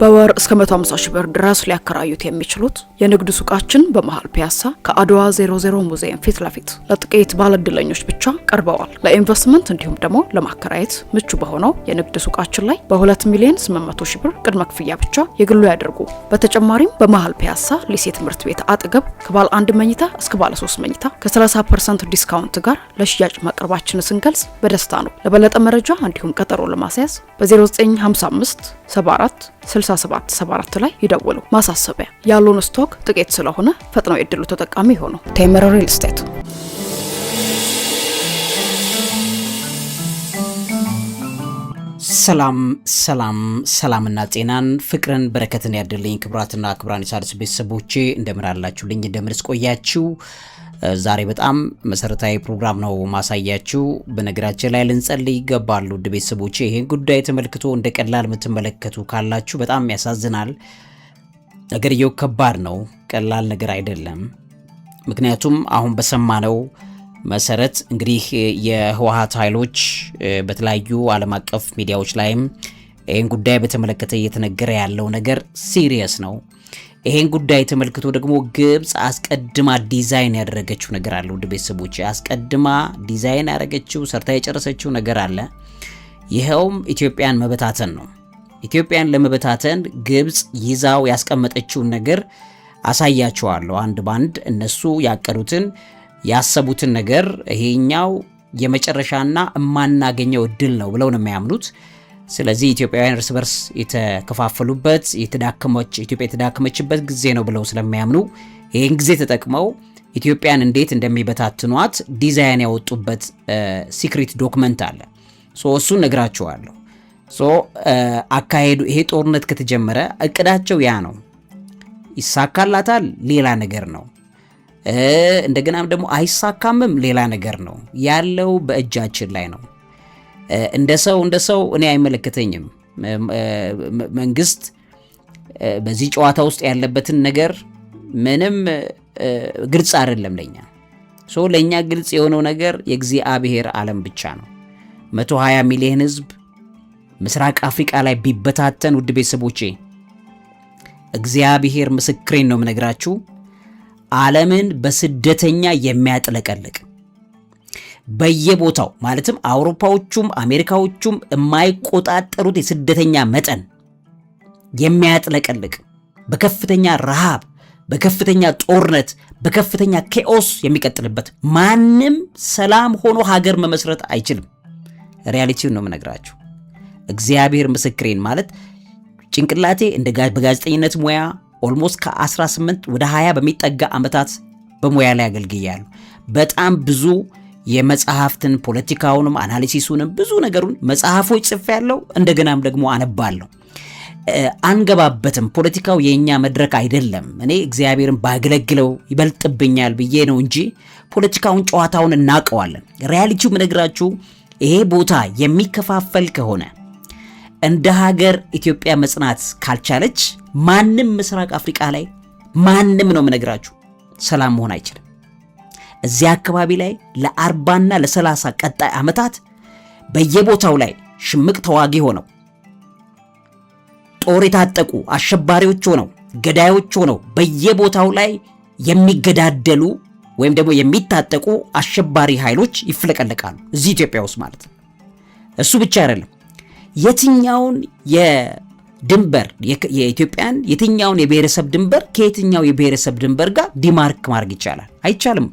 በወር እስከ 150 ሺህ ብር ድረስ ሊያከራዩት የሚችሉት የንግድ ሱቃችን በመሃል ፒያሳ ከአድዋ 00 ሙዚየም ፊት ለፊት ለጥቂት ባለድለኞች ብቻ ቀርበዋል። ለኢንቨስትመንት እንዲሁም ደግሞ ለማከራየት ምቹ በሆነው የንግድ ሱቃችን ላይ በ2 ሚሊዮን 800 ሺህ ብር ቅድመ ክፍያ ብቻ የግሉ ያደርጉ። በተጨማሪም በመሃል ፒያሳ ሊሴ ትምህርት ቤት አጠገብ ከባለ አንድ መኝታ እስከ ባለ 3 መኝታ ከ30 ፐርሰንት ዲስካውንት ጋር ለሽያጭ ማቅረባችን ስንገልጽ በደስታ ነው። ለበለጠ መረጃ እንዲሁም ቀጠሮ ለማስያዝ በ0955 74 6774 ላይ ይደውሉ። ማሳሰቢያ፣ ያሉን ስቶክ ጥቂት ስለሆነ ፈጥነው የድሉ ተጠቃሚ ይሆኑ። ቴምር ሪል ስቴት ሰላም ሰላም ሰላምና ጤናን ፍቅርን በረከትን ያድልኝ። ክብራትና ክብራን የሣድስ ቤተሰቦቼ እንደምን አላችሁልኝ? እንደምን ቆያችሁ? ዛሬ በጣም መሰረታዊ ፕሮግራም ነው ማሳያችሁ። በነገራችን ላይ ልንጸልይ ይገባሉ። ውድ ቤተሰቦች ይህን ጉዳይ ተመልክቶ እንደ ቀላል የምትመለከቱ ካላችሁ በጣም ያሳዝናል። ነገርየው ከባድ ነው፣ ቀላል ነገር አይደለም። ምክንያቱም አሁን በሰማነው መሰረት እንግዲህ የህወሀት ኃይሎች በተለያዩ ዓለም አቀፍ ሚዲያዎች ላይም ይህን ጉዳይ በተመለከተ እየተነገረ ያለው ነገር ሲሪየስ ነው። ይሄን ጉዳይ ተመልክቶ ደግሞ ግብጽ አስቀድማ ዲዛይን ያደረገችው ነገር አለ። ውድ ቤተሰቦች አስቀድማ ዲዛይን ያደረገችው ሰርታ የጨረሰችው ነገር አለ። ይኸውም ኢትዮጵያን መበታተን ነው። ኢትዮጵያን ለመበታተን ግብጽ ይዛው ያስቀመጠችውን ነገር አሳያቸዋለሁ። አንድ ባንድ እነሱ ያቀዱትን ያሰቡትን ነገር ይሄኛው የመጨረሻና እማናገኘው እድል ነው ብለው ነው የሚያምኑት። ስለዚህ ኢትዮጵያውያን እርስ በርስ የተከፋፈሉበት የተዳከመች ኢትዮጵያ የተዳከመችበት ጊዜ ነው ብለው ስለሚያምኑ ይህን ጊዜ ተጠቅመው ኢትዮጵያን እንዴት እንደሚበታትኗት ዲዛይን ያወጡበት ሲክሪት ዶክመንት አለ። እሱን ነግራችኋለሁ። አካሄዱ ይሄ ጦርነት ከተጀመረ እቅዳቸው ያ ነው። ይሳካላታል ሌላ ነገር ነው። እንደገናም ደግሞ አይሳካምም ሌላ ነገር ነው። ያለው በእጃችን ላይ ነው። እንደ ሰው እንደ ሰው እኔ አይመለከተኝም። መንግስት በዚህ ጨዋታ ውስጥ ያለበትን ነገር ምንም ግልጽ አይደለም ለኛ ሶ ለእኛ ግልጽ የሆነው ነገር የእግዚአብሔር ዓለም ብቻ ነው። 120 ሚሊዮን ህዝብ ምስራቅ አፍሪቃ ላይ ቢበታተን፣ ውድ ቤተሰቦቼ እግዚአብሔር ምስክሬን ነው የምነግራችሁ ዓለምን በስደተኛ የሚያጥለቀልቅ በየቦታው ማለትም አውሮፓዎቹም አሜሪካዎቹም የማይቆጣጠሩት የስደተኛ መጠን የሚያጥለቀልቅ በከፍተኛ ረሃብ፣ በከፍተኛ ጦርነት፣ በከፍተኛ ኬኦስ የሚቀጥልበት ማንም ሰላም ሆኖ ሀገር መመስረት አይችልም። ሪያሊቲውን ነው የምነግራችሁ። እግዚአብሔር ምስክሬን ማለት ጭንቅላቴ እንደ በጋዜጠኝነት ሙያ ኦልሞስት ከ18 ወደ 20 በሚጠጋ ዓመታት በሙያ ላይ አገልግያለሁ። በጣም ብዙ የመጽሐፍትን ፖለቲካውንም አናሊሲሱንም ብዙ ነገሩን መጽሐፎች ጽፌ ያለው እንደገናም ደግሞ አነባለሁ። አንገባበትም። ፖለቲካው የእኛ መድረክ አይደለም። እኔ እግዚአብሔርን ባገለግለው ይበልጥብኛል ብዬ ነው እንጂ ፖለቲካውን፣ ጨዋታውን እናውቀዋለን። ሪያሊቲው ምነግራችሁ ይሄ ቦታ የሚከፋፈል ከሆነ እንደ ሀገር ኢትዮጵያ መጽናት ካልቻለች ማንም ምስራቅ አፍሪቃ ላይ ማንም ነው ምነግራችሁ ሰላም መሆን አይችልም። እዚያ አካባቢ ላይ ለአርባና ለሰላሳ ቀጣይ ዓመታት በየቦታው ላይ ሽምቅ ተዋጊ ሆነው ጦር የታጠቁ አሸባሪዎች ሆነው ገዳዮች ሆነው በየቦታው ላይ የሚገዳደሉ ወይም ደግሞ የሚታጠቁ አሸባሪ ኃይሎች ይፍለቀለቃሉ እዚህ ኢትዮጵያ ውስጥ ማለት ነው። እሱ ብቻ አይደለም። የትኛውን የድንበር የኢትዮጵያን የትኛውን የብሔረሰብ ድንበር ከየትኛው የብሔረሰብ ድንበር ጋር ዲማርክ ማድረግ ይቻላል? አይቻልም።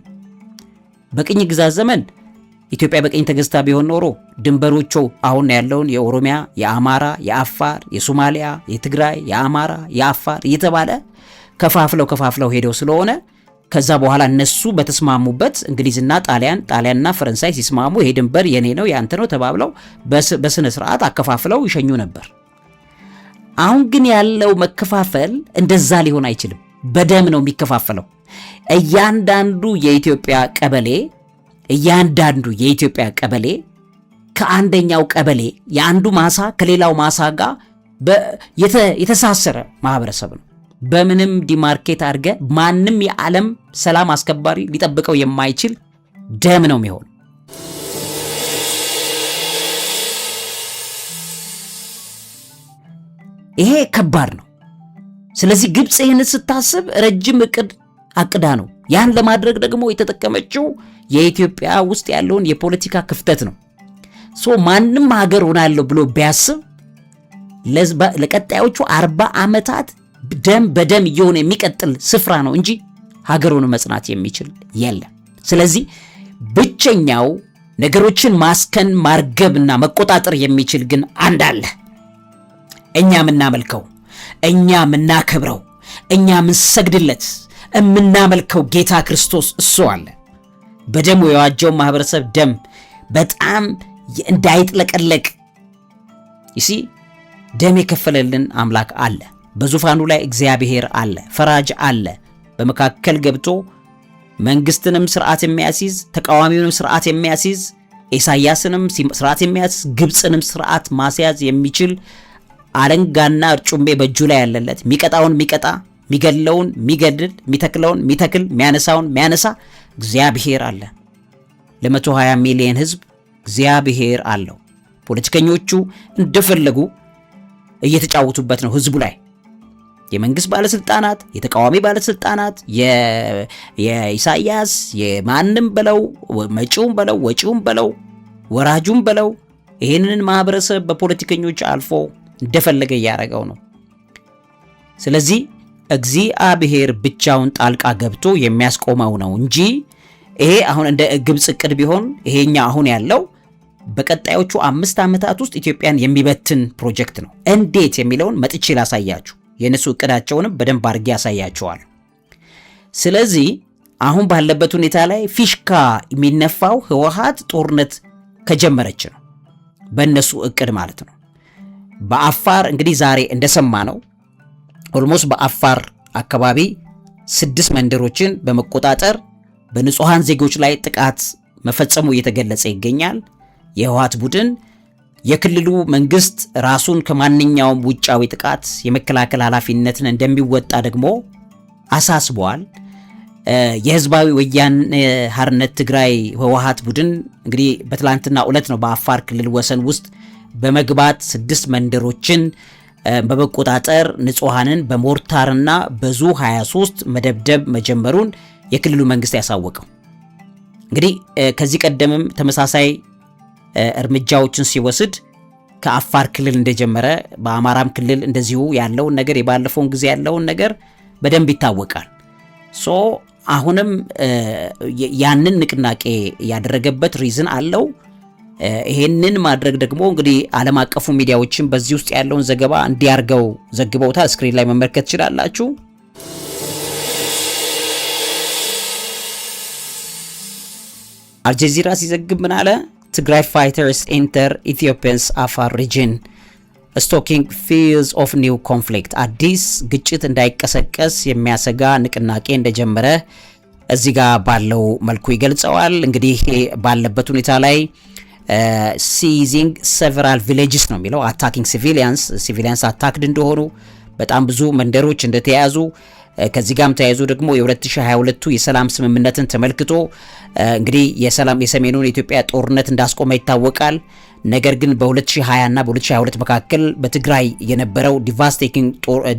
በቅኝ ግዛት ዘመን ኢትዮጵያ በቅኝ ተገዝታ ቢሆን ኖሮ ድንበሮቹ አሁን ያለውን የኦሮሚያ፣ የአማራ፣ የአፋር፣ የሶማሊያ፣ የትግራይ፣ የአማራ፣ የአፋር እየተባለ ከፋፍለው ከፋፍለው ሄደው ስለሆነ ከዛ በኋላ እነሱ በተስማሙበት እንግሊዝና ጣሊያን ጣሊያንና ፈረንሳይ ሲስማሙ ይሄ ድንበር የኔ ነው ያንተ ነው ተባብለው በስነ ስርዓት አከፋፍለው ይሸኙ ነበር። አሁን ግን ያለው መከፋፈል እንደዛ ሊሆን አይችልም። በደም ነው የሚከፋፈለው። እያንዳንዱ የኢትዮጵያ ቀበሌ እያንዳንዱ የኢትዮጵያ ቀበሌ ከአንደኛው ቀበሌ የአንዱ ማሳ ከሌላው ማሳ ጋር የተሳሰረ ማህበረሰብ ነው። በምንም ዲማርኬት አድርገ ማንም የዓለም ሰላም አስከባሪ ሊጠብቀው የማይችል ደም ነው የሚሆን። ይሄ ከባድ ነው። ስለዚህ ግብፅ ይህን ስታስብ ረጅም እቅድ አቅዳ ነው። ያን ለማድረግ ደግሞ የተጠቀመችው የኢትዮጵያ ውስጥ ያለውን የፖለቲካ ክፍተት ነው። ሶ ማንም ሀገር ሆናለሁ ብሎ ቢያስብ ለቀጣዮቹ አርባ ዓመታት ደም በደም እየሆነ የሚቀጥል ስፍራ ነው እንጂ ሀገሩን መጽናት የሚችል የለም። ስለዚህ ብቸኛው ነገሮችን ማስከን ማርገብና መቆጣጠር የሚችል ግን አንድ አለ። እኛ ምናመልከው፣ እኛ ምናከብረው፣ እኛ ምንሰግድለት፣ የምናመልከው ጌታ ክርስቶስ እሱ አለ። በደሙ የዋጀው ማህበረሰብ ደም በጣም እንዳይጥለቀለቅ ይሲ ደም የከፈለልን አምላክ አለ። በዙፋኑ ላይ እግዚአብሔር አለ፣ ፈራጅ አለ። በመካከል ገብቶ መንግስትንም ስርዓት የሚያስይዝ ተቃዋሚውንም ስርዓት የሚያስይዝ ኢሳያስንም ስርዓት የሚያስይዝ ግብፅንም ስርዓት ማስያዝ የሚችል አለንጋና ጩሜ በእጁ ላይ ያለለት ሚቀጣውን ሚቀጣ ሚገድለውን ሚገድል፣ ሚተክለውን ሚተክል፣ ሚያነሳውን ሚያነሳ እግዚአብሔር አለ። ለ120 ሚሊዮን ህዝብ እግዚአብሔር አለው። ፖለቲከኞቹ እንደፈለጉ እየተጫወቱበት ነው ህዝቡ ላይ የመንግስት ባለስልጣናት፣ የተቃዋሚ ባለስልጣናት፣ የኢሳያስ የማንም በለው መጪውም በለው ወጪውም በለው ወራጁም በለው ይህንን ማህበረሰብ በፖለቲከኞች አልፎ እንደፈለገ እያደረገው ነው። ስለዚህ እግዚአብሔር ብቻውን ጣልቃ ገብቶ የሚያስቆመው ነው እንጂ ይሄ አሁን እንደ ግብፅ እቅድ ቢሆን ይሄኛ አሁን ያለው በቀጣዮቹ አምስት ዓመታት ውስጥ ኢትዮጵያን የሚበትን ፕሮጀክት ነው። እንዴት የሚለውን መጥቼ ላሳያችሁ። የእነሱ እቅዳቸውንም በደንብ አድርጌ ያሳያችኋል። ስለዚህ አሁን ባለበት ሁኔታ ላይ ፊሽካ የሚነፋው ህወሓት ጦርነት ከጀመረች ነው፣ በእነሱ እቅድ ማለት ነው። በአፋር እንግዲህ ዛሬ እንደሰማ ነው ኦልሞስት በአፋር አካባቢ ስድስት መንደሮችን በመቆጣጠር በንጹሐን ዜጎች ላይ ጥቃት መፈጸሙ እየተገለጸ ይገኛል። የህወሓት ቡድን የክልሉ መንግስት ራሱን ከማንኛውም ውጫዊ ጥቃት የመከላከል ኃላፊነትን እንደሚወጣ ደግሞ አሳስበዋል። የህዝባዊ ወያነ ሓርነት ትግራይ ህወሓት ቡድን እንግዲህ በትላንትና ዕለት ነው በአፋር ክልል ወሰን ውስጥ በመግባት ስድስት መንደሮችን በመቆጣጠር ንጹሐንን በሞርታርና በዙ 23 መደብደብ መጀመሩን የክልሉ መንግስት ያሳወቀው እንግዲህ ከዚህ ቀደምም ተመሳሳይ እርምጃዎችን ሲወስድ ከአፋር ክልል እንደጀመረ በአማራም ክልል እንደዚሁ ያለውን ነገር የባለፈውን ጊዜ ያለውን ነገር በደንብ ይታወቃል። ሶ አሁንም ያንን ንቅናቄ ያደረገበት ሪዝን አለው። ይሄንን ማድረግ ደግሞ እንግዲህ ዓለም አቀፉ ሚዲያዎችን በዚህ ውስጥ ያለውን ዘገባ እንዲያርገው ዘግበውታል። ስክሪን ላይ መመልከት ትችላላችሁ። አልጀዚራ ሲዘግብ ምን አለ? ትግራይ ፋይተርስ ኢንተር ኢትዮጵያንስ አፋር ሪጅን ስቶኪንግ ፊልስ ኦፍ ኒው ኮንፍሊክት፣ አዲስ ግጭት እንዳይቀሰቀስ የሚያሰጋ ንቅናቄ እንደጀመረ እዚህ ጋር ባለው መልኩ ይገልጸዋል። እንግዲህ ባለበት ሁኔታ ላይ ሲዚንግ ሰቨራል ቪሌጅስ ነው የሚለው አታኪንግ ሲቪሊያንስ ሲቪሊያንስ አታክድ እንደሆኑ በጣም ብዙ መንደሮች እንደተያዙ uh, ከዚህ ጋም ተያይዞ ደግሞ የ2022ቱ የሰላም ስምምነትን ተመልክቶ uh, እንግዲህ የሰላም የሰሜኑን የኢትዮጵያ ጦርነት እንዳስቆመ ይታወቃል። ነገር ግን በ2020 እና በ2022 መካከል በትግራይ የነበረው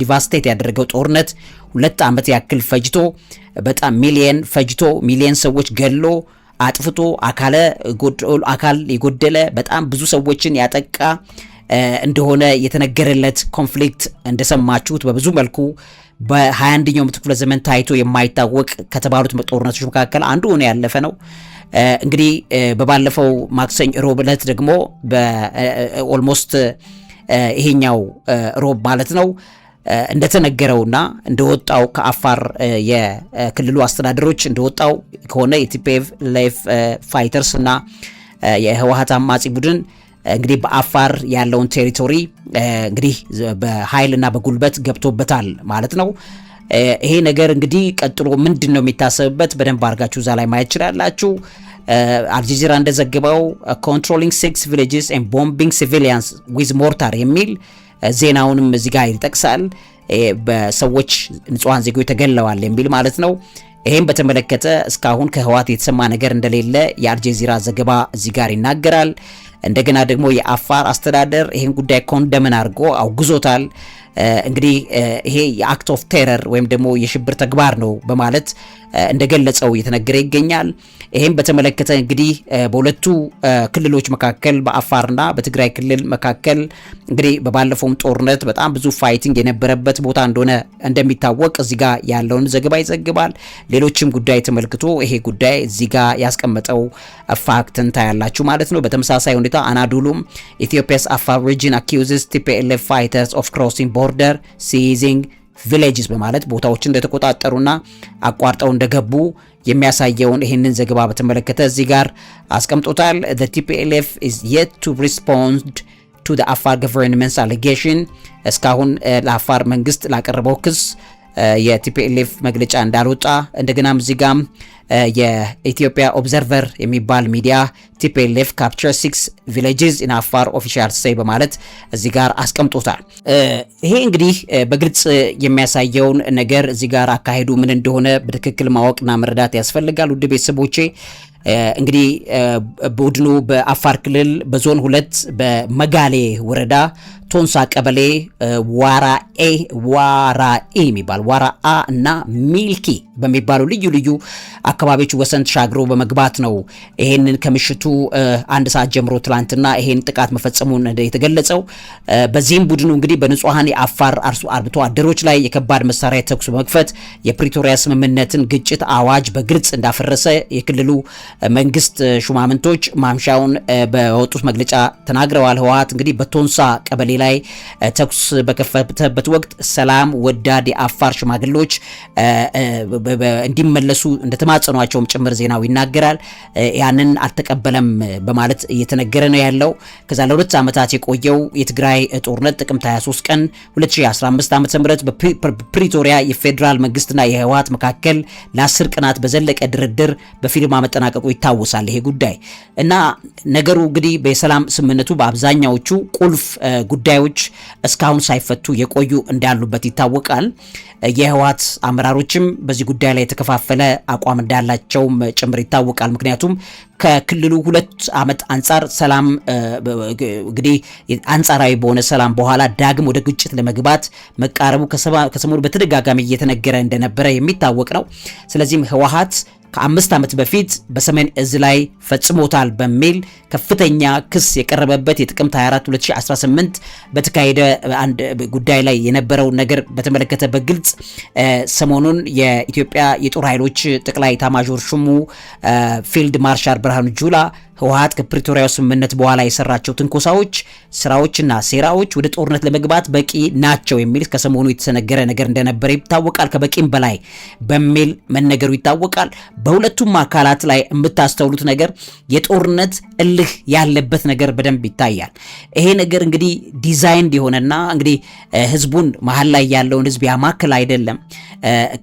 ዲቫስቴት uh, ያደረገው ጦርነት ሁለት ዓመት ያክል ፈጅቶ በጣም ሚሊየን ፈጅቶ ሚሊየን ሰዎች ገሎ አጥፍቶ አካለ አካል የጎደለ በጣም ብዙ ሰዎችን ያጠቃ እንደሆነ የተነገረለት ኮንፍሊክት እንደሰማችሁት በብዙ መልኩ በ21ኛው ምዕተ ክፍለ ዘመን ታይቶ የማይታወቅ ከተባሉት ጦርነቶች መካከል አንዱ ሆኖ ያለፈ ነው። እንግዲህ በባለፈው ማክሰኝ ሮብ ዕለት ደግሞ በኦልሞስት ይሄኛው ሮብ ማለት ነው እንደተነገረውና እንደወጣው ከአፋር የክልሉ አስተዳደሮች እንደወጣው ከሆነ የቲፒኤፍ ላይፍ ፋይተርስ እና የህወሀት አማጺ ቡድን እንግዲህ በአፋር ያለውን ቴሪቶሪ እንግዲህ በኃይልና በጉልበት ገብቶበታል ማለት ነው። ይሄ ነገር እንግዲህ ቀጥሎ ምንድን ነው የሚታሰብበት በደንብ አድርጋችሁ እዛ ላይ ማየት ችላላችሁ አልጀዚራ እንደዘገበው ኮንትሮሊንግ ሲክስ ቪሌጅስ ቦምቢንግ ሲቪሊያንስ ዊዝ ሞርታር የሚል ዜናውንም እዚህ ጋር ይጠቅሳል። በሰዎች ንጹሐን ዜጎች ተገለዋል የሚል ማለት ነው። ይህም በተመለከተ እስካሁን ከህወሓት የተሰማ ነገር እንደሌለ የአልጀዚራ ዘገባ እዚህ ጋር ይናገራል። እንደገና ደግሞ የአፋር አስተዳደር ይህን ጉዳይ ኮንደምን አድርጎ አውግዞታል። እንግዲህ ይሄ የአክት ኦፍ ቴረር ወይም ደግሞ የሽብር ተግባር ነው በማለት እንደገለጸው እየተነገረ ይገኛል። ይህም በተመለከተ እንግዲህ በሁለቱ ክልሎች መካከል በአፋርና በትግራይ ክልል መካከል እንግዲህ በባለፈውም ጦርነት በጣም ብዙ ፋይቲንግ የነበረበት ቦታ እንደሆነ እንደሚታወቅ እዚህ ጋ ያለውን ዘገባ ይዘግባል። ሌሎችም ጉዳይ ተመልክቶ ይሄ ጉዳይ እዚህ ጋ ያስቀመጠው ፋክትን ታያላችሁ ማለት ነው። በተመሳሳይ ሁኔታ አናዱሉም ኢትዮጵያስ አፋር ሪጅን አኪዩዝስ ቲፒኤልኤፍ ፋይተርስ ኦፍ ክሮሲንግ ቦርደር ሲዚንግ ቪሌጅስ በማለት ቦታዎችን እንደተቆጣጠሩና አቋርጠው እንደገቡ የሚያሳየውን ይህንን ዘገባ በተመለከተ እዚህ ጋር አስቀምጦታል። the TPLF is yet to respond to the Afar government's allegation እስካሁን ለአፋር መንግስት ላቀረበው ክስ የቲፒኤልኤፍ መግለጫ እንዳልወጣ እንደገናም እዚህ ጋም የኢትዮጵያ ኦብዘርቨር የሚባል ሚዲያ ቲፒኤልኤፍ ካፕቸር ሲክስ ቪሌጅስ ኢን አፋር ኦፊሻል ሰይ በማለት እዚህ ጋር አስቀምጦታል። ይሄ እንግዲህ በግልጽ የሚያሳየውን ነገር እዚህ ጋር አካሄዱ ምን እንደሆነ በትክክል ማወቅና መረዳት ያስፈልጋል። ውድ ቤተሰቦቼ እንግዲህ ቡድኑ በአፋር ክልል በዞን ሁለት በመጋሌ ወረዳ ቶንሳ ቀበሌ ዋራኤ ኢ የሚባል ዋራአ እና ሚልኪ በሚባሉ ልዩ ልዩ አካባቢዎች ወሰን ተሻግሮ በመግባት ነው ይሄንን ከምሽቱ አንድ ሰዓት ጀምሮ ትላንትና ይሄን ጥቃት መፈጸሙን የተገለጸው። በዚህም ቡድኑ እንግዲህ በንጹሐን የአፋር አርብቶ አደሮች ላይ የከባድ መሳሪያ ተኩስ በመክፈት የፕሪቶሪያ ስምምነትን ግጭት አዋጅ በግልጽ እንዳፈረሰ የክልሉ መንግስት ሹማምንቶች ማምሻውን በወጡት መግለጫ ተናግረዋል። ህወሓት እንግዲህ በቶንሳ ቀበሌ ላይ ተኩስ በከፈተበት ወቅት ሰላም ወዳድ የአፋር ሽማግሌዎች እንዲመለሱ እንደተማጸኗቸውም ጭምር ዜናው ይናገራል። ያንን አልተቀበለም በማለት እየተነገረ ነው ያለው። ከዛ ለሁለት ዓመታት የቆየው የትግራይ ጦርነት ጥቅምት 23 ቀን 2015 ዓ.ም በፕሪቶሪያ የፌዴራል መንግስትና የህወሀት መካከል ለአስር ቀናት በዘለቀ ድርድር በፊርማ መጠናቀቁ ይታወሳል። ይሄ ጉዳይ እና ነገሩ እንግዲህ በሰላም ስምምነቱ በአብዛኛዎቹ ቁልፍ ጉዳዮች እስካሁን ሳይፈቱ የቆዩ እንዳሉበት ይታወቃል። የህወሀት አመራሮችም በዚህ ጉዳይ ላይ የተከፋፈለ አቋም እንዳላቸውም ጭምር ይታወቃል። ምክንያቱም ከክልሉ ሁለት ዓመት አንጻር ሰላም እንግዲህ አንጻራዊ በሆነ ሰላም በኋላ ዳግም ወደ ግጭት ለመግባት መቃረቡ ከሰሞኑ በተደጋጋሚ እየተነገረ እንደነበረ የሚታወቅ ነው። ስለዚህም ህወሓት ከአምስት ዓመት በፊት በሰሜን እዝ ላይ ፈጽሞታል በሚል ከፍተኛ ክስ የቀረበበት የጥቅምት 24 2018 በተካሄደ አንድ ጉዳይ ላይ የነበረው ነገር በተመለከተ በግልጽ ሰሞኑን የኢትዮጵያ የጦር ኃይሎች ጠቅላይ ኤታማዦር ሹሙ ፊልድ ማርሻል ብርሃኑ ጁላ ህወሀት ከፕሪቶሪያው ስምምነት በኋላ የሰራቸው ትንኮሳዎች፣ ስራዎችና ሴራዎች ወደ ጦርነት ለመግባት በቂ ናቸው የሚል ከሰሞኑ የተሰነገረ ነገር እንደነበረ ይታወቃል። ከበቂም በላይ በሚል መነገሩ ይታወቃል። በሁለቱም አካላት ላይ የምታስተውሉት ነገር የጦርነት እልህ ያለበት ነገር በደንብ ይታያል። ይሄ ነገር እንግዲህ ዲዛይንድ የሆነና እንግዲህ ህዝቡን መሀል ላይ ያለውን ህዝብ ያማክል አይደለም።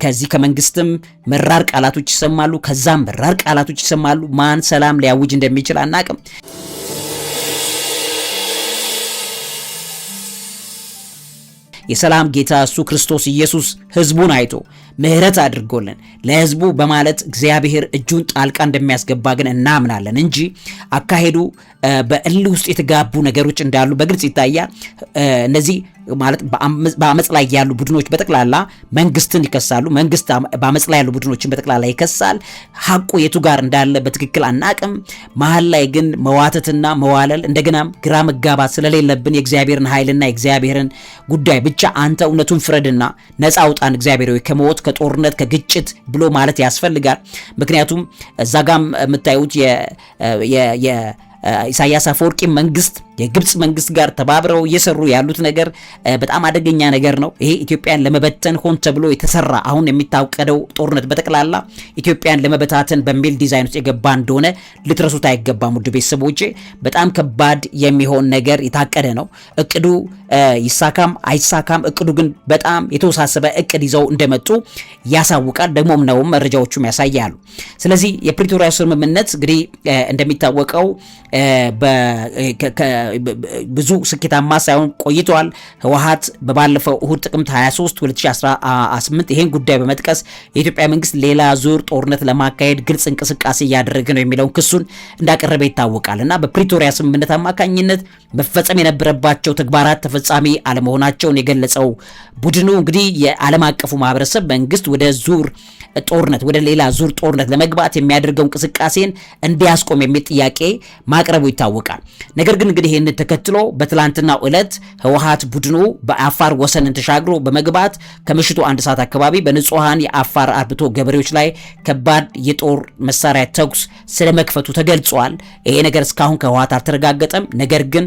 ከዚህ ከመንግስትም መራር ቃላቶች ይሰማሉ፣ ከዛም መራር ቃላቶች ይሰማሉ። ማን ሰላም ሊያውጅ እንደሚችል እንደሚችል አናቅም። የሰላም ጌታ እሱ ክርስቶስ ኢየሱስ ህዝቡን አይቶ ምህረት አድርጎልን ለህዝቡ በማለት እግዚአብሔር እጁን ጣልቃ እንደሚያስገባ ግን እናምናለን እንጂ አካሄዱ በእልህ ውስጥ የተጋቡ ነገሮች እንዳሉ በግልጽ ይታያል። እነዚህ ማለት በአመፅ ላይ ያሉ ቡድኖች በጠቅላላ መንግስትን ይከሳሉ። መንግስት በአመፅ ላይ ያሉ ቡድኖችን በጠቅላላ ይከሳል። ሀቁ የቱ ጋር እንዳለ በትክክል አናቅም። መሀል ላይ ግን መዋተትና መዋለል እንደገናም ግራ መጋባት ስለሌለብን የእግዚአብሔርን ኃይልና የእግዚአብሔርን ጉዳይ ብቻ አንተ እውነቱን ፍረድና ነፃ አውጣን እግዚአብሔር ከመወት ከጦርነት ከግጭት ብሎ ማለት ያስፈልጋል። ምክንያቱም እዛ ጋም የምታዩት የኢሳያስ አፈወርቂ መንግስት የግብፅ መንግስት ጋር ተባብረው እየሰሩ ያሉት ነገር በጣም አደገኛ ነገር ነው። ይሄ ኢትዮጵያን ለመበተን ሆን ተብሎ የተሰራ አሁን የሚታቀደው ጦርነት በጠቅላላ ኢትዮጵያን ለመበታተን በሚል ዲዛይን ውስጥ የገባ እንደሆነ ልትረሱት አይገባም። ውድ ቤተሰቦቼ በጣም ከባድ የሚሆን ነገር የታቀደ ነው። እቅዱ ይሳካም አይሳካም፣ እቅዱ ግን በጣም የተወሳሰበ እቅድ ይዘው እንደመጡ ያሳውቃል። ደግሞም ነው መረጃዎቹም ያሳያሉ። ስለዚህ የፕሪቶሪያ ስምምነት እንግዲህ እንደሚታወቀው ብዙ ስኬታማ ሳይሆን ቆይተዋል። ህወሀት በባለፈው እሁድ ጥቅምት 23 2018 ይህን ጉዳይ በመጥቀስ የኢትዮጵያ መንግስት ሌላ ዙር ጦርነት ለማካሄድ ግልጽ እንቅስቃሴ እያደረገ ነው የሚለውን ክሱን እንዳቀረበ ይታወቃል እና በፕሪቶሪያ ስምምነት አማካኝነት መፈጸም የነበረባቸው ተግባራት ተፈጻሚ አለመሆናቸውን የገለጸው ቡድኑ እንግዲህ የዓለም አቀፉ ማህበረሰብ መንግስት ወደ ዙር ጦርነት ወደ ሌላ ዙር ጦርነት ለመግባት የሚያደርገው እንቅስቃሴን እንዲያስቆም የሚል ጥያቄ ማቅረቡ ይታወቃል። ነገር ግን እንግዲህ ይህን ተከትሎ በትላንትናው ዕለት ህወሀት ቡድኑ በአፋር ወሰንን ተሻግሮ በመግባት ከምሽቱ አንድ ሰዓት አካባቢ በንጹሐን የአፋር አርብቶ ገበሬዎች ላይ ከባድ የጦር መሳሪያ ተኩስ ስለመክፈቱ ተገልጿል። ይሄ ነገር እስካሁን ከህወሀት አልተረጋገጠም። ነገር ግን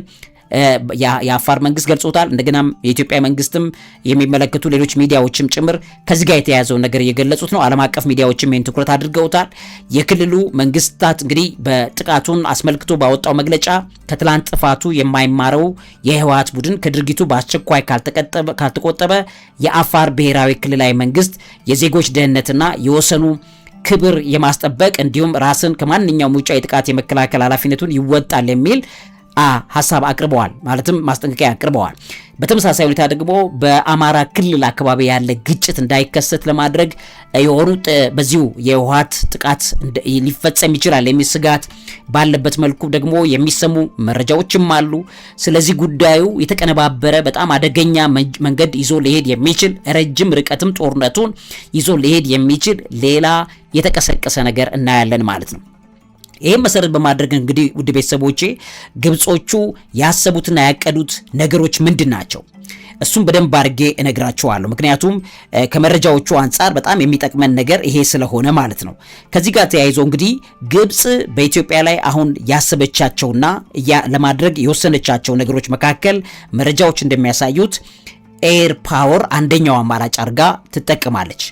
የአፋር መንግስት ገልጾታል። እንደገናም የኢትዮጵያ መንግስትም የሚመለከቱ ሌሎች ሚዲያዎችም ጭምር ከዚህ ጋር የተያያዘውን ነገር እየገለጹት ነው። ዓለም አቀፍ ሚዲያዎችም ይህን ትኩረት አድርገውታል። የክልሉ መንግስታት እንግዲህ በጥቃቱን አስመልክቶ ባወጣው መግለጫ ከትላንት ጥፋቱ የማይማረው የህወሀት ቡድን ከድርጊቱ በአስቸኳይ ካልተቆጠበ የአፋር ብሔራዊ ክልላዊ መንግስት የዜጎች ደህንነትና የወሰኑ ክብር የማስጠበቅ እንዲሁም ራስን ከማንኛውም ውጫዊ ጥቃት የመከላከል ኃላፊነቱን ይወጣል የሚል አ ሀሳብ አቅርበዋል። ማለትም ማስጠንቀቂያ አቅርበዋል። በተመሳሳይ ሁኔታ ደግሞ በአማራ ክልል አካባቢ ያለ ግጭት እንዳይከሰት ለማድረግ የሆኑ በዚሁ የህወሓት ጥቃት ሊፈጸም ይችላል የሚል ስጋት ባለበት መልኩ ደግሞ የሚሰሙ መረጃዎችም አሉ። ስለዚህ ጉዳዩ የተቀነባበረ በጣም አደገኛ መንገድ ይዞ ሊሄድ የሚችል ረጅም ርቀትም ጦርነቱን ይዞ ሊሄድ የሚችል ሌላ የተቀሰቀሰ ነገር እናያለን ማለት ነው። ይህም መሰረት በማድረግ እንግዲህ ውድ ቤተሰቦቼ ግብጾቹ ያሰቡትና ያቀዱት ነገሮች ምንድን ናቸው? እሱም በደንብ አድርጌ እነግራችኋለሁ። ምክንያቱም ከመረጃዎቹ አንጻር በጣም የሚጠቅመን ነገር ይሄ ስለሆነ ማለት ነው። ከዚህ ጋር ተያይዞ እንግዲህ ግብጽ በኢትዮጵያ ላይ አሁን ያሰበቻቸውና ለማድረግ የወሰነቻቸው ነገሮች መካከል መረጃዎች እንደሚያሳዩት ኤር ፓወር አንደኛው አማራጭ አድርጋ ትጠቀማለች።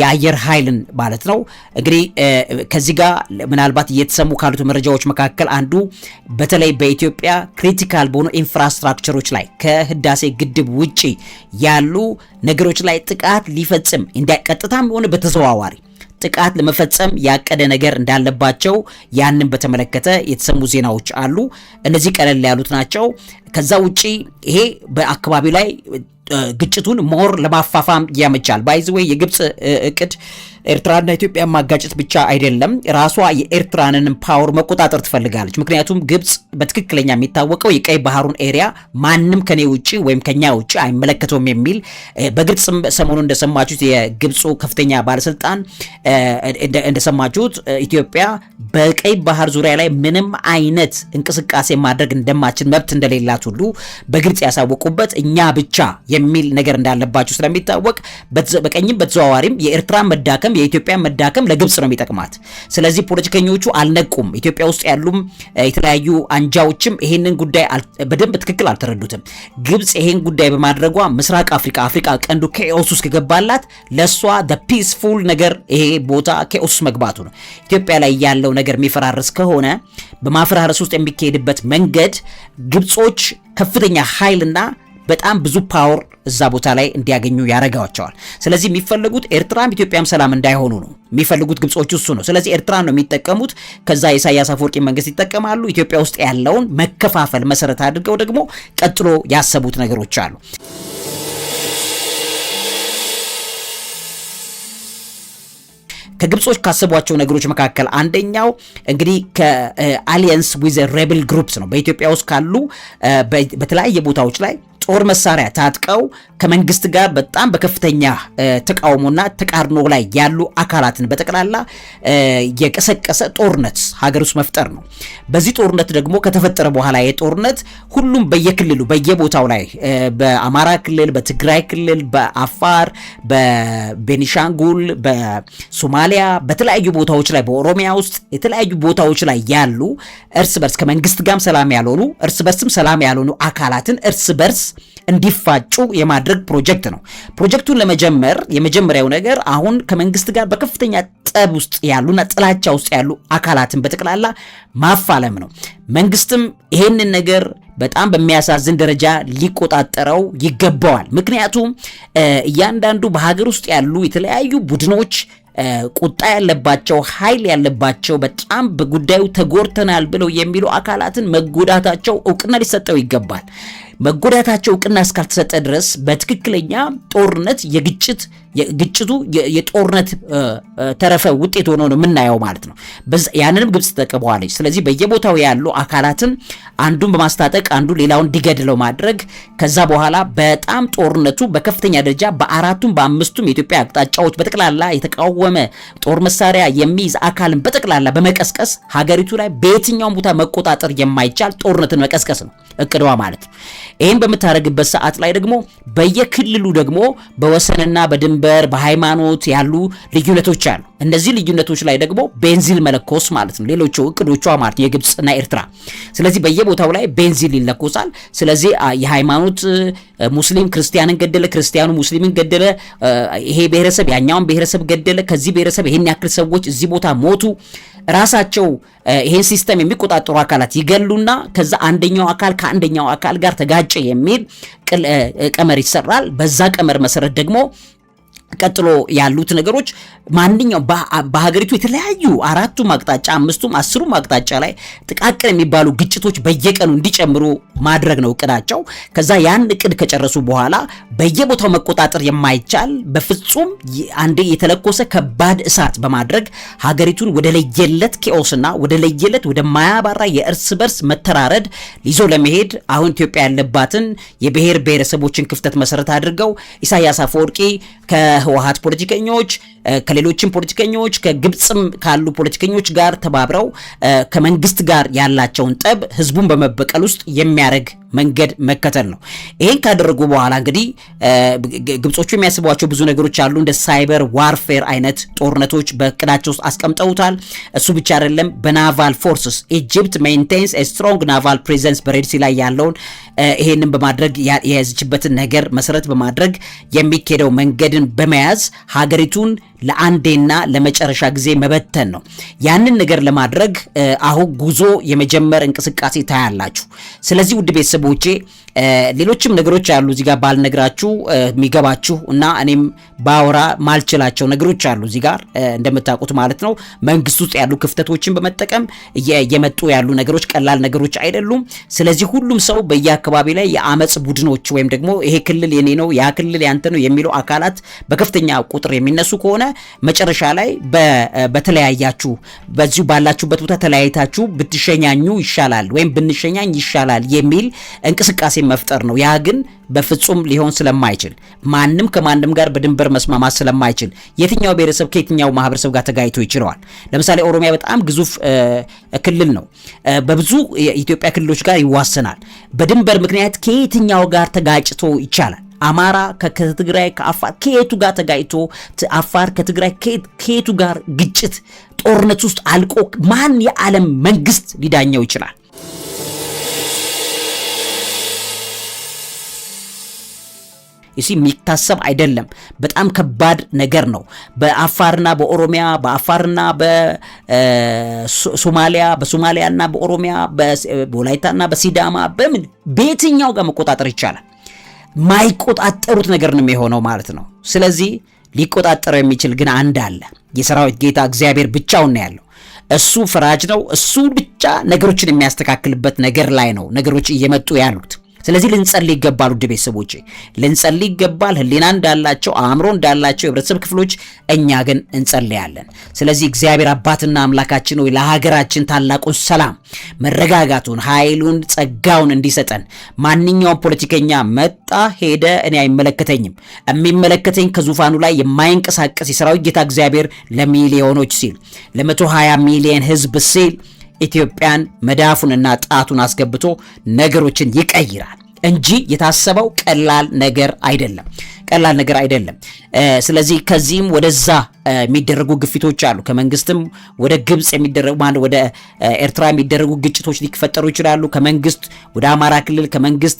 የአየር ኃይልን ማለት ነው። እንግዲህ ከዚህ ጋር ምናልባት እየተሰሙ ካሉት መረጃዎች መካከል አንዱ በተለይ በኢትዮጵያ ክሪቲካል በሆኑ ኢንፍራስትራክቸሮች ላይ ከህዳሴ ግድብ ውጪ ያሉ ነገሮች ላይ ጥቃት ሊፈጽም እንዳይቀጥታም ሆነ በተዘዋዋሪ ጥቃት ለመፈጸም ያቀደ ነገር እንዳለባቸው ያንን በተመለከተ የተሰሙ ዜናዎች አሉ። እነዚህ ቀለል ያሉት ናቸው። ከዛ ውጪ ይሄ በአካባቢው ላይ ግጭቱን ሞር ለማፋፋም ያመቻል። ባይዘወይ የግብፅ እቅድ ኤርትራና ኢትዮጵያ ማጋጨት ብቻ አይደለም፣ ራሷ የኤርትራንን ፓወር መቆጣጠር ትፈልጋለች። ምክንያቱም ግብጽ በትክክለኛ የሚታወቀው የቀይ ባህሩን ኤሪያ ማንም ከኔ ውጭ ወይም ከኛ ውጭ አይመለከተውም የሚል በግልጽ ሰሞኑ እንደሰማችሁት የግብፁ ከፍተኛ ባለስልጣን እንደሰማችሁት ኢትዮጵያ በቀይ ባህር ዙሪያ ላይ ምንም አይነት እንቅስቃሴ ማድረግ እንደማችን መብት እንደሌላት ሁሉ በግልጽ ያሳወቁበት እኛ ብቻ የሚል ነገር እንዳለባቸው ስለሚታወቅ በቀኝም በተዘዋዋሪም የኤርትራ መዳከም መዳከም የኢትዮጵያ መዳከም ለግብጽ ነው የሚጠቅማት። ስለዚህ ፖለቲከኞቹ አልነቁም። ኢትዮጵያ ውስጥ ያሉም የተለያዩ አንጃዎችም ይሄንን ጉዳይ በደንብ ትክክል አልተረዱትም። ግብጽ ይሄን ጉዳይ በማድረጓ ምስራቅ አፍሪካ አፍሪካ ቀንዱ ኬኦስ ውስጥ ከገባላት ለሷ ደ ፒስፉል ነገር ይሄ ቦታ ኬኦስ መግባቱ ነው። ኢትዮጵያ ላይ ያለው ነገር የሚፈራረስ ከሆነ በማፈራረስ ውስጥ የሚካሄድበት መንገድ ግብጾች ከፍተኛ ኃይልና በጣም ብዙ ፓወር እዛ ቦታ ላይ እንዲያገኙ ያረጋቸዋል። ስለዚህ የሚፈልጉት ኤርትራም ኢትዮጵያም ሰላም እንዳይሆኑ ነው የሚፈልጉት ግብጾች እሱ ነው። ስለዚህ ኤርትራ ነው የሚጠቀሙት። ከዛ የኢሳያስ አፈወርቂ መንግስት ይጠቀማሉ። ኢትዮጵያ ውስጥ ያለውን መከፋፈል መሰረት አድርገው ደግሞ ቀጥሎ ያሰቡት ነገሮች አሉ። ከግብጾች ካሰቧቸው ነገሮች መካከል አንደኛው እንግዲህ ከአሊየንስ ዊዘ ሬብል ግሩፕስ ነው። በኢትዮጵያ ውስጥ ካሉ በተለያየ ቦታዎች ላይ ጦር መሳሪያ ታጥቀው ከመንግስት ጋር በጣም በከፍተኛ ተቃውሞና ተቃርኖ ላይ ያሉ አካላትን በጠቅላላ የቀሰቀሰ ጦርነት ሀገር ውስጥ መፍጠር ነው። በዚህ ጦርነት ደግሞ ከተፈጠረ በኋላ የጦርነት ሁሉም በየክልሉ በየቦታው ላይ በአማራ ክልል፣ በትግራይ ክልል፣ በአፋር፣ በቤኒሻንጉል፣ በሶማሌ ሶማሊያ፣ በተለያዩ ቦታዎች ላይ በኦሮሚያ ውስጥ የተለያዩ ቦታዎች ላይ ያሉ እርስ በርስ ከመንግስት ጋም ሰላም ያልሆኑ እርስ በርስም ሰላም ያልሆኑ አካላትን እርስ በርስ እንዲፋጩ የማድረግ ፕሮጀክት ነው። ፕሮጀክቱን ለመጀመር የመጀመሪያው ነገር አሁን ከመንግስት ጋር በከፍተኛ ጠብ ውስጥ ያሉና ጥላቻ ውስጥ ያሉ አካላትን በጠቅላላ ማፋለም ነው። መንግስትም ይሄንን ነገር በጣም በሚያሳዝን ደረጃ ሊቆጣጠረው ይገባዋል። ምክንያቱም እያንዳንዱ በሀገር ውስጥ ያሉ የተለያዩ ቡድኖች ቁጣ ያለባቸው ኃይል ያለባቸው በጣም በጉዳዩ ተጎድተናል ብለው የሚሉ አካላትን መጎዳታቸው እውቅና ሊሰጠው ይገባል። መጎዳታቸው እውቅና እስካልተሰጠ ድረስ በትክክለኛ ጦርነት የግጭት ግጭቱ የጦርነት ተረፈ ውጤት ሆኖ ነው የምናየው ማለት ነው። ያንንም ግብጽ ተጠቅመዋለች። ስለዚህ በየቦታው ያሉ አካላትን አንዱን በማስታጠቅ አንዱ ሌላውን እንዲገድለው ማድረግ ከዛ በኋላ በጣም ጦርነቱ በከፍተኛ ደረጃ በአራቱም በአምስቱም የኢትዮጵያ አቅጣጫዎች በጠቅላላ የተቃወመ ጦር መሳሪያ የሚይዝ አካልን በጠቅላላ በመቀስቀስ ሀገሪቱ ላይ በየትኛውም ቦታ መቆጣጠር የማይቻል ጦርነትን መቀስቀስ ነው እቅድዋ ማለት ነው። ይህም በምታደርግበት ሰዓት ላይ ደግሞ በየክልሉ ደግሞ በወሰንና በድንበር በሃይማኖት ያሉ ልዩነቶች አሉ። እነዚህ ልዩነቶች ላይ ደግሞ ቤንዚል መለኮስ ማለት ነው። ሌሎቹ እቅዶቿ ማለት የግብፅና ኤርትራ። ስለዚህ በየቦታው ላይ ቤንዚል ይለኮሳል። ስለዚህ የሃይማኖት ሙስሊም ክርስቲያንን ገደለ፣ ክርስቲያኑ ሙስሊምን ገደለ፣ ይሄ ብሔረሰብ ያኛውን ብሔረሰብ ገደለ፣ ከዚህ ብሔረሰብ ይሄን ያክል ሰዎች እዚህ ቦታ ሞቱ ራሳቸው ይህን ሲስተም የሚቆጣጠሩ አካላት ይገሉና ከዛ አንደኛው አካል ከአንደኛው አካል ጋር ተጋጨ የሚል ቀመር ይሰራል። በዛ ቀመር መሰረት ደግሞ ቀጥሎ ያሉት ነገሮች ማንኛውም በሀገሪቱ የተለያዩ አራቱም አቅጣጫ አምስቱም አስሩም አቅጣጫ ላይ ጥቃቅን የሚባሉ ግጭቶች በየቀኑ እንዲጨምሩ ማድረግ ነው እቅዳቸው። ከዛ ያን እቅድ ከጨረሱ በኋላ በየቦታው መቆጣጠር የማይቻል በፍጹም አንዴ የተለኮሰ ከባድ እሳት በማድረግ ሀገሪቱን ወደ ለየለት ኬኦስና ወደ ለየለት ወደማያባራ የእርስ በርስ መተራረድ ይዞ ለመሄድ አሁን ኢትዮጵያ ያለባትን የብሔር ብሔረሰቦችን ክፍተት መሰረት አድርገው ኢሳያስ አፈወርቂ ከህወሀት ፖለቲከኞች ከሌሎችም ፖለቲከኞች ከግብፅም ካሉ ፖለቲከኞች ጋር ተባብረው ከመንግስት ጋር ያላቸውን ጠብ ህዝቡን በመበቀል ውስጥ የሚያደርግ መንገድ መከተል ነው። ይህን ካደረጉ በኋላ እንግዲህ ግብጾቹ የሚያስቧቸው ብዙ ነገሮች አሉ። እንደ ሳይበር ዋርፌር አይነት ጦርነቶች በቅዳቸው ውስጥ አስቀምጠውታል። እሱ ብቻ አይደለም፣ በናቫል ፎርስስ ኢጅፕት ሜንቴንስ ስትሮንግ ናቫል ፕሬዘንስ በሬድሲ ላይ ያለውን ይሄንን በማድረግ የያዘችበትን ነገር መሰረት በማድረግ የሚካሄደው መንገድን በመያዝ ሀገሪቱን ለአንዴና ለመጨረሻ ጊዜ መበተን ነው። ያንን ነገር ለማድረግ አሁን ጉዞ የመጀመር እንቅስቃሴ ታያላችሁ። ስለዚህ ውድ ቤተሰቦቼ ሌሎችም ነገሮች አሉ እዚህ ጋር ባልነግራችሁ የሚገባችሁ እና እኔም ባወራ ማልችላቸው ነገሮች አሉ እዚህ ጋር እንደምታውቁት ማለት ነው። መንግስት ውስጥ ያሉ ክፍተቶችን በመጠቀም የመጡ ያሉ ነገሮች ቀላል ነገሮች አይደሉም። ስለዚህ ሁሉም ሰው በየአካባቢ ላይ የአመፅ ቡድኖች ወይም ደግሞ ይሄ ክልል የኔ ነው፣ ያ ክልል ያንተ ነው የሚለው አካላት በከፍተኛ ቁጥር የሚነሱ ከሆነ መጨረሻ ላይ በተለያያችሁ በዚሁ ባላችሁበት ቦታ ተለያይታችሁ ብትሸኛኙ ይሻላል ወይም ብንሸኛኝ ይሻላል የሚል እንቅስቃሴ መፍጠር ነው። ያ ግን በፍጹም ሊሆን ስለማይችል ማንም ከማንም ጋር በድንበር መስማማት ስለማይችል የትኛው ብሔረሰብ ከየትኛው ማህበረሰብ ጋር ተጋይቶ ይችለዋል። ለምሳሌ ኦሮሚያ በጣም ግዙፍ ክልል ነው። በብዙ የኢትዮጵያ ክልሎች ጋር ይዋሰናል። በድንበር ምክንያት ከየትኛው ጋር ተጋጭቶ ይቻላል? አማራ ከትግራይ ከአፋር ከየቱ ጋር ተጋጭቶ አፋር ከትግራይ ከየቱ ጋር ግጭት ጦርነት ውስጥ አልቆ ማን የዓለም መንግስት ሊዳኘው ይችላል? የሚታሰብ አይደለም። በጣም ከባድ ነገር ነው። በአፋርና በኦሮሚያ በአፋርና በሶማሊያ በሶማሊያና በኦሮሚያ በወላይታና በሲዳማ በምን በየትኛው ጋር መቆጣጠር ይቻላል። ማይቆጣጠሩት ነገር ነው የሚሆነው ማለት ነው። ስለዚህ ሊቆጣጠረው የሚችል ግን አንድ አለ። የሰራዊት ጌታ እግዚአብሔር ብቻውን ነው ያለው። እሱ ፍራጅ ነው። እሱ ብቻ ነገሮችን የሚያስተካክልበት ነገር ላይ ነው ነገሮች እየመጡ ያሉት። ስለዚህ ልንጸልይ ይገባል። ውድ ቤተሰቦቼ ልንጸልይ ይገባል። ህሊና እንዳላቸው አእምሮ እንዳላቸው የህብረተሰብ ክፍሎች እኛ ግን እንጸልያለን። ስለዚህ እግዚአብሔር አባትና አምላካችን ወይ ለሀገራችን ታላቁን ሰላም፣ መረጋጋቱን፣ ኃይሉን፣ ጸጋውን እንዲሰጠን ማንኛውም ፖለቲከኛ መጣ ሄደ እኔ አይመለከተኝም። የሚመለከተኝ ከዙፋኑ ላይ የማይንቀሳቀስ የሰራዊት ጌታ እግዚአብሔር ለሚሊዮኖች ሲል ለ120 ሚሊዮን ህዝብ ሲል ኢትዮጵያን መዳፉንና ጣቱን አስገብቶ ነገሮችን ይቀይራል እንጂ የታሰበው ቀላል ነገር አይደለም። ቀላል ነገር አይደለም። ስለዚህ ከዚህም ወደዛ የሚደረጉ ግፊቶች አሉ። ከመንግስትም ወደ ግብፅ የሚደረጉ ወደ ኤርትራ የሚደረጉ ግጭቶች ሊፈጠሩ ይችላሉ። ከመንግስት ወደ አማራ ክልል፣ ከመንግስት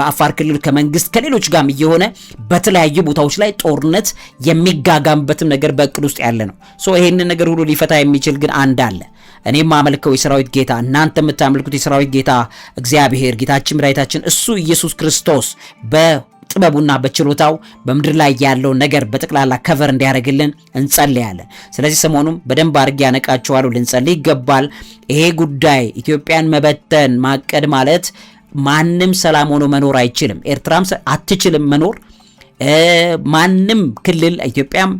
በአፋር ክልል፣ ከመንግስት ከሌሎች ጋርም እየሆነ በተለያዩ ቦታዎች ላይ ጦርነት የሚጋጋምበትም ነገር በእቅድ ውስጥ ያለ ነው። ይሄንን ነገር ሁሉ ሊፈታ የሚችል ግን አንድ አለ። እኔ የማመልከው የሰራዊት ጌታ እናንተ የምታመልኩት የሰራዊት ጌታ እግዚአብሔር ጌታችን መድኃኒታችን እሱ ኢየሱስ ክርስቶስ በ ጥበቡና በችሎታው በምድር ላይ ያለው ነገር በጠቅላላ ከቨር እንዲያደርግልን እንጸልያለን። ስለዚህ ሰሞኑም በደንብ አድርጌ ያነቃችኋለሁ። ልንጸልይ ይገባል። ይሄ ጉዳይ ኢትዮጵያን መበተን ማቀድ ማለት ማንም ሰላም ሆኖ መኖር አይችልም። ኤርትራም አትችልም መኖር ማንም ክልል ኢትዮጵያም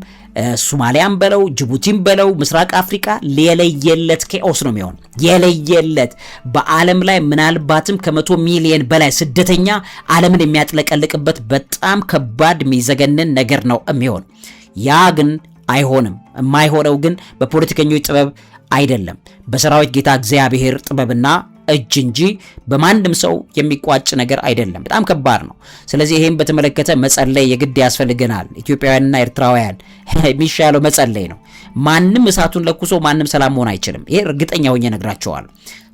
ሱማሊያም በለው ጅቡቲም በለው ምስራቅ አፍሪካ የለየለት ኬኦስ ነው የሚሆን የለየለት በዓለም ላይ ምናልባትም ከመቶ ሚሊየን በላይ ስደተኛ ዓለምን የሚያጥለቀልቅበት በጣም ከባድ የሚዘገንን ነገር ነው የሚሆን። ያ ግን አይሆንም። የማይሆነው ግን በፖለቲከኞች ጥበብ አይደለም፣ በሰራዊት ጌታ እግዚአብሔር ጥበብና እጅ እንጂ በማንም ሰው የሚቋጭ ነገር አይደለም። በጣም ከባድ ነው። ስለዚህ ይህም በተመለከተ መጸለይ የግድ ያስፈልገናል። ኢትዮጵያውያንና ኤርትራውያን የሚሻለው መጸለይ ነው። ማንም እሳቱን ለኩሶ ማንም ሰላም መሆን አይችልም። ይሄ እርግጠኛ ሆኜ ነግራቸዋል።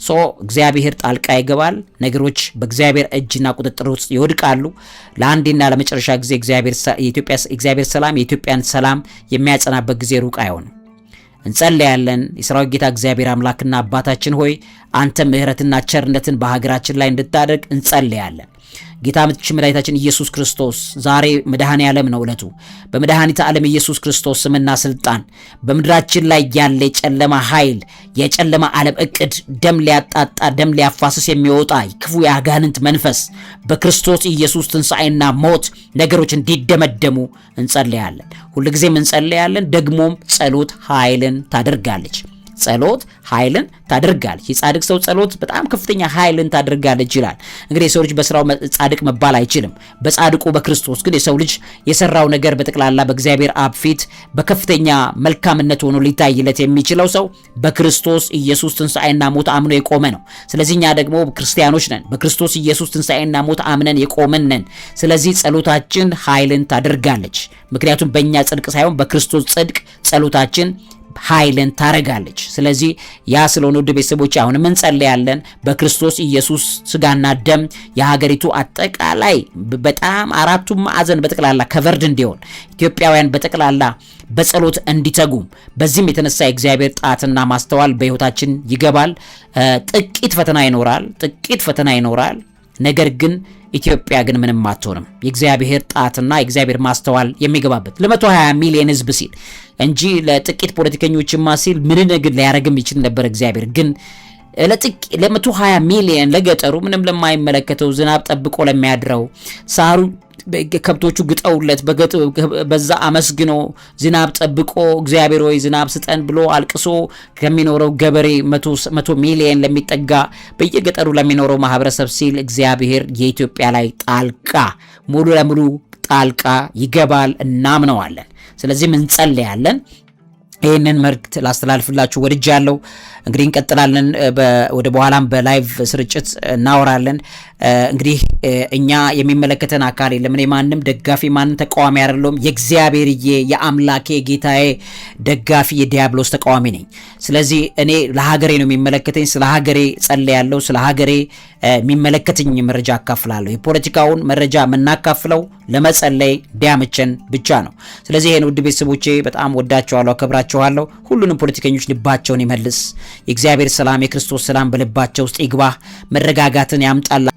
ሶ እግዚአብሔር ጣልቃ ይገባል። ነገሮች በእግዚአብሔር እጅና ቁጥጥር ውስጥ ይወድቃሉ። ለአንዴና ለመጨረሻ ጊዜ እግዚአብሔር ሰላም የኢትዮጵያን ሰላም የሚያጸናበት ጊዜ ሩቅ አይሆንም። እንጸለያለን። የሰራዊት ጌታ እግዚአብሔር አምላክና አባታችን ሆይ አንተ ምሕረትና ቸርነትን በሀገራችን ላይ እንድታደርግ እንጸለያለን። ጌታችን መድኃኒታችን ኢየሱስ ክርስቶስ ዛሬ መድኃኔ ዓለም ነው ዕለቱ። በመድኃኒተ ዓለም ኢየሱስ ክርስቶስ ስምና ስልጣን በምድራችን ላይ ያለ የጨለማ ኃይል፣ የጨለማ ዓለም እቅድ፣ ደም ሊያጣጣ ደም ሊያፋስስ የሚወጣ ክፉ የአጋንንት መንፈስ በክርስቶስ ኢየሱስ ትንሣኤና ሞት ነገሮች እንዲደመደሙ እንጸልያለን። ሁልጊዜም እንጸለያለን ደግሞም ጸሎት ኃይልን ታደርጋለች። ጸሎት ኃይልን ታደርጋለች። የጻድቅ ሰው ጸሎት በጣም ከፍተኛ ኃይልን ታደርጋለች ይላል። እንግዲህ የሰው ልጅ በስራው ጻድቅ መባል አይችልም። በጻድቁ በክርስቶስ ግን የሰው ልጅ የሰራው ነገር በጠቅላላ በእግዚአብሔር አብ ፊት በከፍተኛ መልካምነት ሆኖ ሊታይለት የሚችለው ሰው በክርስቶስ ኢየሱስ ትንሣኤና ሞት አምኖ የቆመ ነው። ስለዚህ እኛ ደግሞ ክርስቲያኖች ነን። በክርስቶስ ኢየሱስ ትንሣኤና ሞት አምነን የቆመን ነን። ስለዚህ ጸሎታችን ኃይልን ታደርጋለች። ምክንያቱም በእኛ ጽድቅ ሳይሆን በክርስቶስ ጽድቅ ጸሎታችን ኃይልን ታረጋለች። ስለዚህ ያ ስለሆነ ውድ ቤተሰቦች አሁንም እንጸልያለን በክርስቶስ ኢየሱስ ስጋና ደም የሀገሪቱ አጠቃላይ በጣም አራቱም ማዕዘን በጠቅላላ ከቨርድ እንዲሆን ኢትዮጵያውያን በጠቅላላ በጸሎት እንዲተጉም በዚህም የተነሳ የእግዚአብሔር ጣትና ማስተዋል በሕይወታችን ይገባል። ጥቂት ፈተና ይኖራል። ጥቂት ፈተና ይኖራል። ነገር ግን ኢትዮጵያ ግን ምንም አትሆንም። የእግዚአብሔር ጣትና የእግዚአብሔር ማስተዋል የሚገባበት ለ120 ሚሊዮን ህዝብ ሲል እንጂ ለጥቂት ፖለቲከኞችማ ሲል ምን ግን ሊያረግም ይችል ነበር። እግዚአብሔር ግን ለመቶ 120 ሚሊየን ለገጠሩ ምንም ለማይመለከተው ዝናብ ጠብቆ ለሚያድረው ሳሩ ከብቶቹ ግጠውለት በዛ አመስግኖ ዝናብ ጠብቆ እግዚአብሔር ወይ ዝናብ ስጠን ብሎ አልቅሶ ከሚኖረው ገበሬ መቶ ሚሊየን ለሚጠጋ በየገጠሩ ለሚኖረው ማህበረሰብ ሲል እግዚአብሔር የኢትዮጵያ ላይ ጣልቃ ሙሉ ለሙሉ ጣልቃ ይገባል። እናምነዋለን። ስለዚህም እንጸልያለን። ይህንን መልእክት ላስተላልፍላችሁ ያለው እንግዲህ እንቀጥላለን። ወደ በኋላም በላይቭ ስርጭት እናወራለን። እንግዲህ እኛ የሚመለከተን አካል የለም። እኔ ማንም ደጋፊ ማንም ተቃዋሚ አይደለሁም። የእግዚአብሔርዬ የአምላኬ ጌታዬ ደጋፊ የዲያብሎስ ተቃዋሚ ነኝ። ስለዚህ እኔ ለሀገሬ ነው የሚመለከተኝ። ስለ ሀገሬ ጸልያለሁ። ስለ ሀገሬ የሚመለከትኝ መረጃ አካፍላለሁ። የፖለቲካውን መረጃ የምናካፍለው ለመጸለይ ቢያመቸን ብቻ ነው። ስለዚህ ይህን ውድ ቤተሰቦቼ በጣም ወዳቸዋለሁ፣ አከብራቸዋለሁ። ሁሉንም ፖለቲከኞች ልባቸውን ይመልስ። የእግዚአብሔር ሰላም፣ የክርስቶስ ሰላም በልባቸው ውስጥ ይግባ። መረጋጋትን ያምጣላ።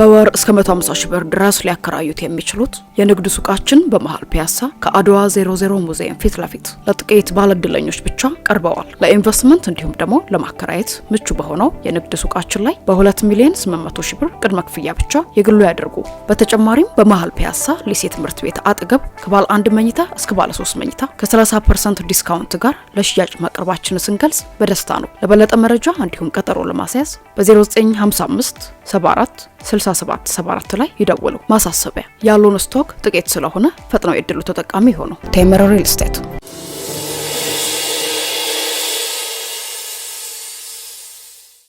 በወር እስከ 150 ሺህ ብር ድረስ ሊያከራዩት የሚችሉት የንግድ ሱቃችን በመሃል ፒያሳ ከአድዋ 00 ሙዚየም ፊት ለፊት ለጥቂት ባለድለኞች ብቻ ቀርበዋል። ለኢንቨስትመንት እንዲሁም ደግሞ ለማከራየት ምቹ በሆነው የንግድ ሱቃችን ላይ በ2 ሚሊዮን 800 ሺህ ብር ቅድመ ክፍያ ብቻ የግሉ ያደርጉ። በተጨማሪም በመሃል ፒያሳ ሊሴ ትምህርት ቤት አጠገብ ከባለ አንድ መኝታ እስከ ባለ 3 መኝታ ከ30 ፐርሰንት ዲስካውንት ጋር ለሽያጭ ማቅረባችን ስንገልጽ በደስታ ነው። ለበለጠ መረጃ እንዲሁም ቀጠሮ ለማስያዝ በ0955 74 67 74 ላይ ይደውሉ። ማሳሰቢያ፣ ያሉን ስቶክ ጥቂት ስለሆነ ፈጥነው የድሉ ተጠቃሚ ይሆኑ። ቴምር ሪል ስቴት